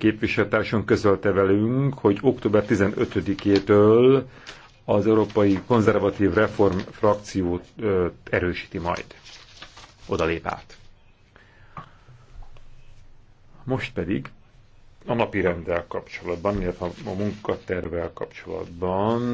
képviselőtársunk közölte velünk, hogy október 15-től az Európai Konzervatív Reform frakciót erősíti majd. Oda lép át. Most pedig a napi rendel kapcsolatban, illetve a munkatervel kapcsolatban